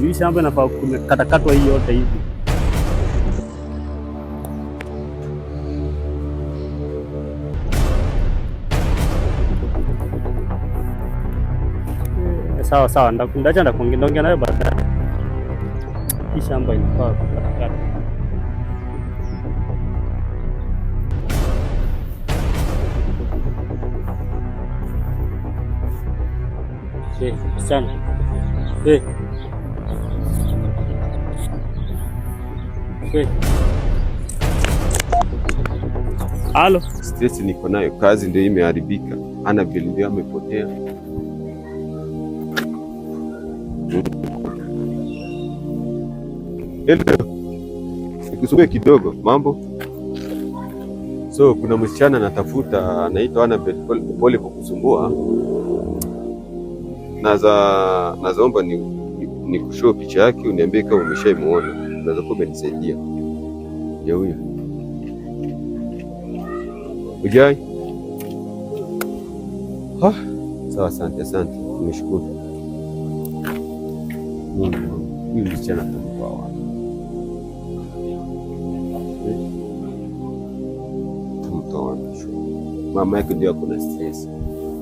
Hii shamba inafaa kumekatakatwa hii yote hivi. Hmm. Eh, sawa sawa, ndacha ndakuongea nayo baadaye. Hii shamba inafaa kumekatakatwa. hey. Eh, kweli. Halo, stress niko nayo, kazi ndio imeharibika, ana bill ndio amepotea. Nikusumbue kidogo mambo. So kuna msichana anatafuta anaitwa Annabel, pole kwa kusumbua. Naza nazaomba ni, ni, ni kushoo picha yake uniambie kama umeshaimuona unaweza kuwa umenisaidia. Ya huyo ujai. Sawa, asante asante, nimeshukuru. Huyu msichana tamkawa tamtoa mama yake ndio ako na stress,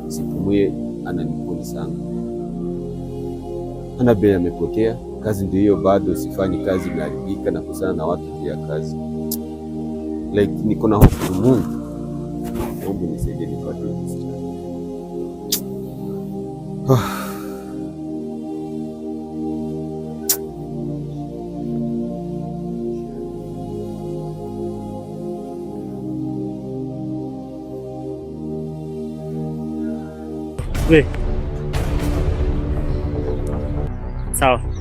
sipumue, ananipoli sana, ana bei amepotea Kazi ndio hiyo, bado sifanyi kazi, imeharibika na kusana na watu juu ya kazi. Like niko na hofu Mungu, Mungu nisaidie nipate Sawa.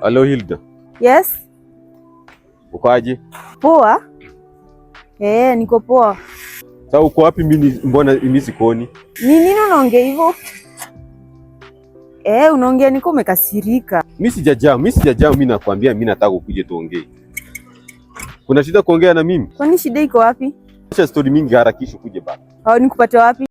Hello, Hilda. Yes. Ukoaje? Poa. Eh, niko poa. Sasa uko wapi mimi mbona mimi sikoni? Ni nini unaongea hivyo? Eh, unaongea niko umekasirika. Mimi sijajaa, mimi sijajaa, mimi nakwambia mimi nataka ukuje tuongee. Kuna shida kuongea na mimi? Kwani shida iko wapi? Acha story mingi harakisha kuje baba. Au oh, nikupate wapi?